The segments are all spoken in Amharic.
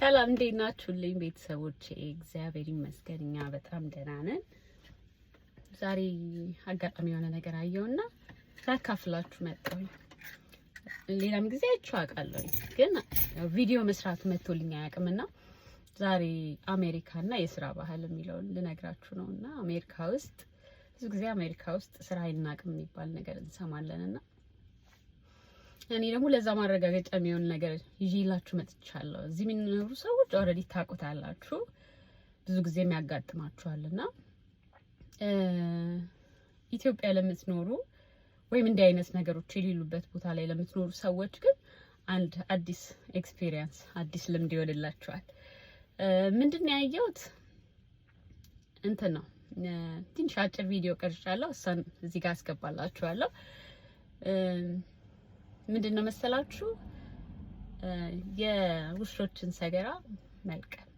ሰላም እንዴት ናችሁልኝ ቤተሰቦቼ? እግዚአብሔር ይመስገን እኛ በጣም ደህና ነን። ዛሬ አጋጣሚ የሆነ ነገር አየውና ላካፍላችሁ መጣሁ። ሌላም ጊዜ አይቼው አውቃለሁ፣ ግን ቪዲዮ መስራት መቶልኝ አያውቅምና ዛሬ አሜሪካና የስራ ባህል የሚለውን ልነግራችሁ ነውና አሜሪካ ውስጥ ብዙ ጊዜ አሜሪካ ውስጥ ስራ አይናቅም የሚባል ነገር እንሰማለንና እኔ ደግሞ ለዛ ማረጋገጫ የሚሆን ነገር ይዤላችሁ መጥቻለሁ። እዚህ የሚኖሩ ሰዎች ኦልሬዲ ታውቁታላችሁ፣ ብዙ ጊዜ የሚያጋጥማችኋል እና ኢትዮጵያ ለምትኖሩ ወይም እንዲህ አይነት ነገሮች የሌሉበት ቦታ ላይ ለምትኖሩ ሰዎች ግን አንድ አዲስ ኤክስፒሪየንስ አዲስ ልምድ ይሆንላችኋል። ምንድን ያየሁት? እንትን ነው ትንሽ አጭር ቪዲዮ ቀርጫለሁ፣ እሷን እዚህ ጋር አስገባላችኋለሁ። ምንድን ነው መሰላችሁ የውሾችን ሰገራ መልቀም።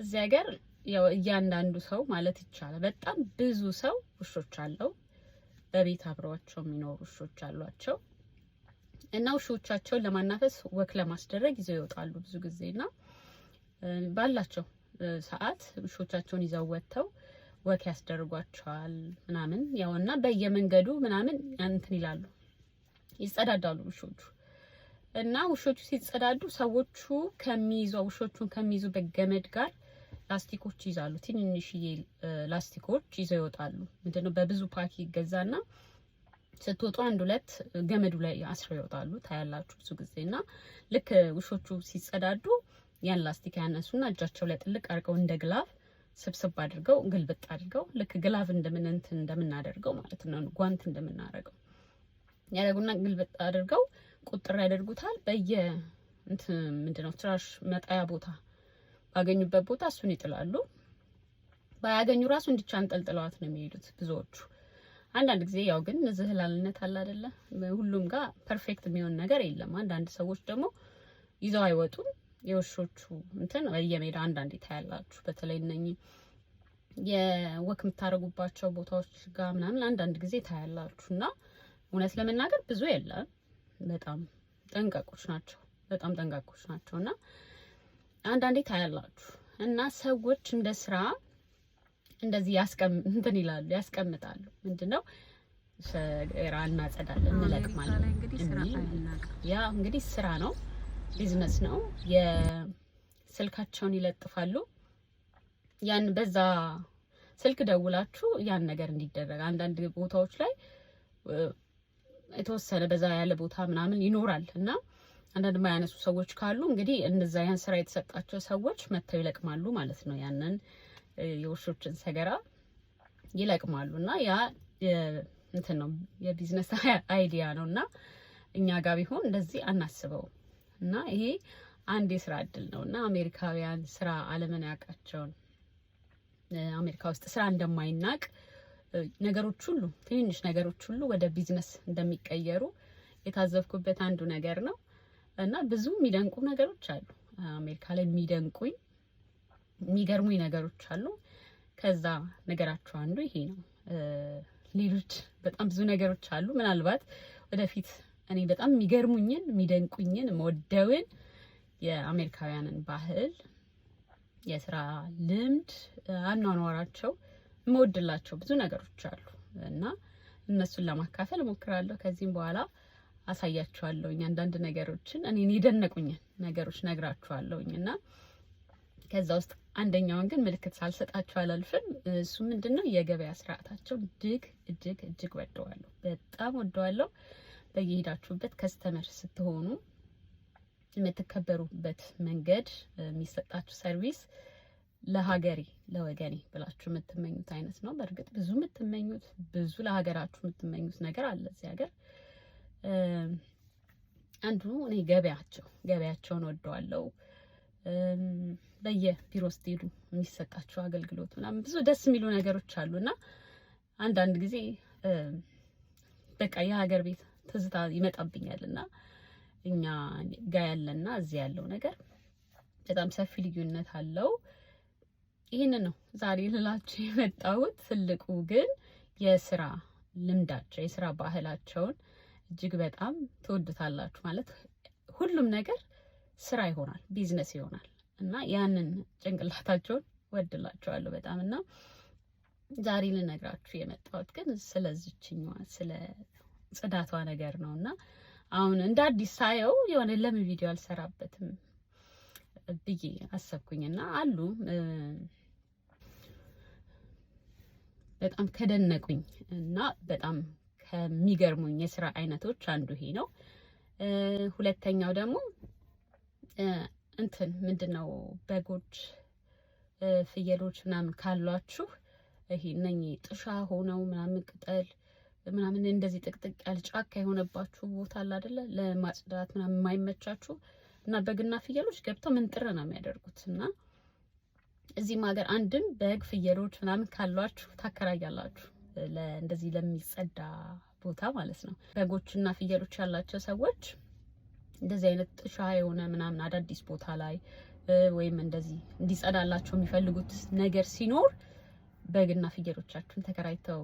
እዚህ ሀገር ያው እያንዳንዱ ሰው ማለት ይቻላል በጣም ብዙ ሰው ውሾች አለው። በቤት አብረዋቸው የሚኖሩ ውሾች አሏቸው እና ውሾቻቸውን ለማናፈስ ወክ ለማስደረግ ይዘው ይወጣሉ ብዙ ጊዜ እና ባላቸው ሰዓት ውሾቻቸውን ይዘው ወጥተው ወክ ያስደርጓቸዋል ምናምን ያው እና በየመንገዱ ምናምን እንትን ይላሉ ይጸዳዳሉ ውሾቹ እና ውሾቹ ሲጸዳዱ ሰዎቹ ከሚይዙ ውሾቹን ከሚይዙ በገመድ ጋር ላስቲኮች ይዛሉ። ትንንሽዬ ላስቲኮች ይዘው ይወጣሉ። ምንድነው በብዙ ፓኪ ይገዛና ስትወጡ አንድ ሁለት ገመዱ ላይ አስረው ይወጣሉ። ታያላችሁ ብዙ ጊዜ እና ልክ ውሾቹ ሲጸዳዱ ያን ላስቲክ ያነሱና እጃቸው ላይ ጥልቅ አድርገው እንደ ግላቭ ስብስብ አድርገው ግልብጥ አድርገው ልክ ግላቭ እንደምን እንትን እንደምናደርገው ማለት ነው ጓንት እንደምናደርገው ያደርጉና ግልብጥ አድርገው ቁጥር ያደርጉታል። በየ ምንድነው ትራሽ መጣያ ቦታ ባገኙበት ቦታ እሱን ይጥላሉ። ባያገኙ ራሱ እንዲቻ አንጠልጥለዋት ነው የሚሄዱት ብዙዎቹ። አንዳንድ ጊዜ ያው ግን ዝህላልነት አለ አይደለ? ሁሉም ጋር ፐርፌክት የሚሆን ነገር የለም። አንዳንድ ሰዎች ደግሞ ይዘው አይወጡም። የውሾቹ እንትን በየሜዳ አንዳንዴ ታያላችሁ። በተለይ እነኚህ የወክ የምታደርጉባቸው ቦታዎች ጋር ምናምን አንዳንድ ጊዜ ታያላችሁ እና እውነት ለመናገር ብዙ የለም። በጣም ጠንቃቆች ናቸው፣ በጣም ጠንቀቆች ናቸው። እና አንዳንዴ ታያላችሁ እና ሰዎች እንደ ስራ እንደዚህ እንትን ይላሉ ያስቀምጣሉ። ነው ሸራ እናጸዳለን እንለቅማለን። ያ እንግዲህ ስራ ነው፣ ቢዝነስ ነው። የስልካቸውን ይለጥፋሉ። ያን በዛ ስልክ ደውላችሁ ያን ነገር እንዲደረግ አንዳንድ ቦታዎች ላይ የተወሰነ በዛ ያለ ቦታ ምናምን ይኖራል እና አንዳንድ የማያነሱ ሰዎች ካሉ እንግዲህ እንደዛ ያን ስራ የተሰጣቸው ሰዎች መጥተው ይለቅማሉ ማለት ነው። ያንን የውሾችን ሰገራ ይለቅማሉ እና ያ እንትን ነው የቢዝነስ አይዲያ ነው እና እኛ ጋር ቢሆን እንደዚህ አናስበውም እና ይሄ አንድ የስራ እድል ነው እና አሜሪካውያን ስራ አለመናቃቸውን አሜሪካ ውስጥ ስራ እንደማይናቅ ነገሮች ሁሉ ትንንሽ ነገሮች ሁሉ ወደ ቢዝነስ እንደሚቀየሩ የታዘብኩበት አንዱ ነገር ነው እና ብዙ የሚደንቁ ነገሮች አሉ። አሜሪካ ላይ የሚደንቁኝ የሚገርሙኝ ነገሮች አሉ። ከዛ ነገራቸው አንዱ ይሄ ነው። ሌሎች በጣም ብዙ ነገሮች አሉ። ምናልባት ወደፊት እኔ በጣም የሚገርሙኝን የሚደንቁኝን መወደውን የአሜሪካውያንን ባህል፣ የስራ ልምድ፣ አኗኗራቸው የምወድላቸው ብዙ ነገሮች አሉ እና እነሱን ለማካፈል እሞክራለሁ። ከዚህም በኋላ አሳያችኋለሁኝ አንዳንድ ነገሮችን እኔን የደነቁኝ ነገሮች ነግራችኋለሁኝ እና ከዛ ውስጥ አንደኛውን ግን ምልክት ሳልሰጣችሁ አላልፍም። እሱ ምንድን ነው የገበያ ስርዓታቸው እጅግ እጅግ እጅግ ወደዋለሁ፣ በጣም ወደዋለሁ። በየሄዳችሁበት ከስተመር ስትሆኑ የምትከበሩበት መንገድ፣ የሚሰጣችሁ ሰርቪስ ለሀገሬ ለወገኔ ብላችሁ የምትመኙት አይነት ነው። በእርግጥ ብዙ የምትመኙት ብዙ ለሀገራችሁ የምትመኙት ነገር አለ እዚህ ሀገር። አንዱ እኔ ገበያቸው ገበያቸውን ወደዋለው። በየቢሮ ስትሄዱ የሚሰጣቸው አገልግሎት ምናምን ብዙ ደስ የሚሉ ነገሮች አሉ እና አንዳንድ ጊዜ በቃ የሀገር ቤት ትዝታ ይመጣብኛል እና እኛ ጋ ያለና እዚህ ያለው ነገር በጣም ሰፊ ልዩነት አለው። ይህንን ነው ዛሬ ልላችሁ የመጣሁት። ትልቁ ግን የስራ ልምዳቸው የስራ ባህላቸውን እጅግ በጣም ትወዱታላችሁ። ማለት ሁሉም ነገር ስራ ይሆናል፣ ቢዝነስ ይሆናል እና ያንን ጭንቅላታቸውን ወድላቸዋለሁ በጣም እና ዛሬ ልነግራችሁ የመጣሁት ግን ስለዚችኛዋ ስለ ጽዳቷ ነገር ነው እና አሁን እንደ አዲስ ሳየው የሆነ ለምን ቪዲዮ አልሰራበትም ብዬ አሰብኩኝና አሉ በጣም ከደነቁኝ እና በጣም ከሚገርሙኝ የስራ አይነቶች አንዱ ይሄ ነው። ሁለተኛው ደግሞ እንትን ምንድን ነው በጎች፣ ፍየሎች ምናምን ካሏችሁ ይሄ እነኚህ ጥሻ ሆነው ምናምን ቅጠል ምናምን እንደዚህ ጥቅጥቅ ያለ ጫካ የሆነባችሁ ቦታ አለ አይደለ? ለማጽዳት ምናምን የማይመቻችሁ እና በግና ፍየሎች ገብተው ምን ነው የሚያደርጉት እና እዚህም ሀገር አንድም በግ ፍየሎች ምናምን ካሏችሁ ታከራያላችሁ፣ እንደዚህ ለሚጸዳ ቦታ ማለት ነው። በጎችና ፍየሎች ያላቸው ሰዎች እንደዚህ አይነት ጥሻ የሆነ ምናምን አዳዲስ ቦታ ላይ ወይም እንደዚህ እንዲጸዳላቸው የሚፈልጉት ነገር ሲኖር በግና ፍየሎቻችሁን ተከራይተው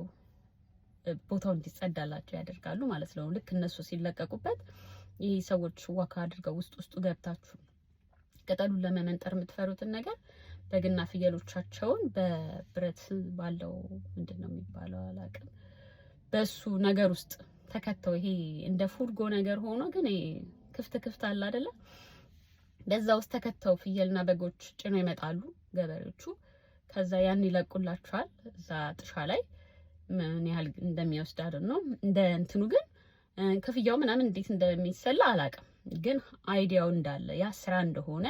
ቦታው እንዲጸዳላቸው ያደርጋሉ ማለት ነው። ልክ እነሱ ሲለቀቁበት ይህ ሰዎች ዋካ አድርገው ውስጥ ውስጡ ገብታችሁ ቅጠሉን ለመመንጠር የምትፈሩትን ነገር በግና ፍየሎቻቸውን በብረት ባለው ምንድን ነው የሚባለው አላውቅም፣ በሱ ነገር ውስጥ ተከተው ይሄ እንደ ፉርጎ ነገር ሆኖ ግን ክፍት ክፍት አለ አደለ? በዛ ውስጥ ተከተው ፍየልና በጎች ጭነው ይመጣሉ ገበሬዎቹ። ከዛ ያን ይለቁላቸዋል እዛ ጥሻ ላይ ምን ያህል እንደሚወስድ ነው። እንደ እንትኑ ግን ክፍያው ምናምን እንዴት እንደሚሰላ አላውቅም፣ ግን አይዲያው እንዳለ ያ ስራ እንደሆነ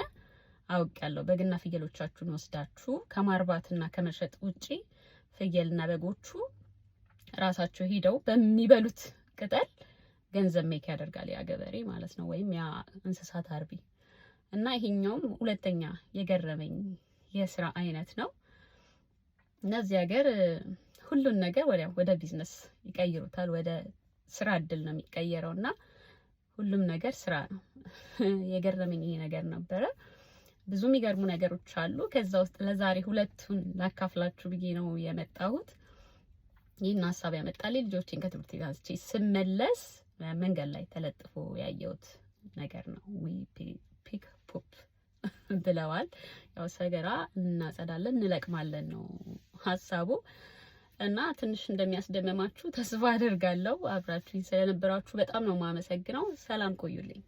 አውቅ ያለው በግና ፍየሎቻችሁን ወስዳችሁ ከማርባትና ከመሸጥ ውጪ ፍየልና በጎቹ ራሳቸው ሄደው በሚበሉት ቅጠል ገንዘብ ሜክ ያደርጋል ያ ገበሬ ማለት ነው፣ ወይም ያ እንስሳት አርቢ እና ይሄኛውም ሁለተኛ የገረመኝ የስራ አይነት ነው። እነዚህ ሀገር ሁሉን ነገር ወዲያ ወደ ቢዝነስ ይቀይሩታል፣ ወደ ስራ እድል ነው የሚቀየረው እና ሁሉም ነገር ስራ ነው። የገረመኝ ይሄ ነገር ነበረ። ብዙ የሚገርሙ ነገሮች አሉ። ከዛ ውስጥ ለዛሬ ሁለቱን ላካፍላችሁ ብዬ ነው የመጣሁት። ይህን ሀሳብ ያመጣልኝ ልጆቼን ከትምህርት ቤት አንስቼ ስመለስ መንገድ ላይ ተለጥፎ ያየሁት ነገር ነው። ዊ ፒክ ፖፕ ብለዋል። ያው ሰገራ እናጸዳለን፣ እንለቅማለን ነው ሀሳቡ እና ትንሽ እንደሚያስደምማችሁ ተስፋ አድርጋለሁ። አብራችሁኝ ስለነበራችሁ በጣም ነው የማመሰግነው። ሰላም ቆዩልኝ።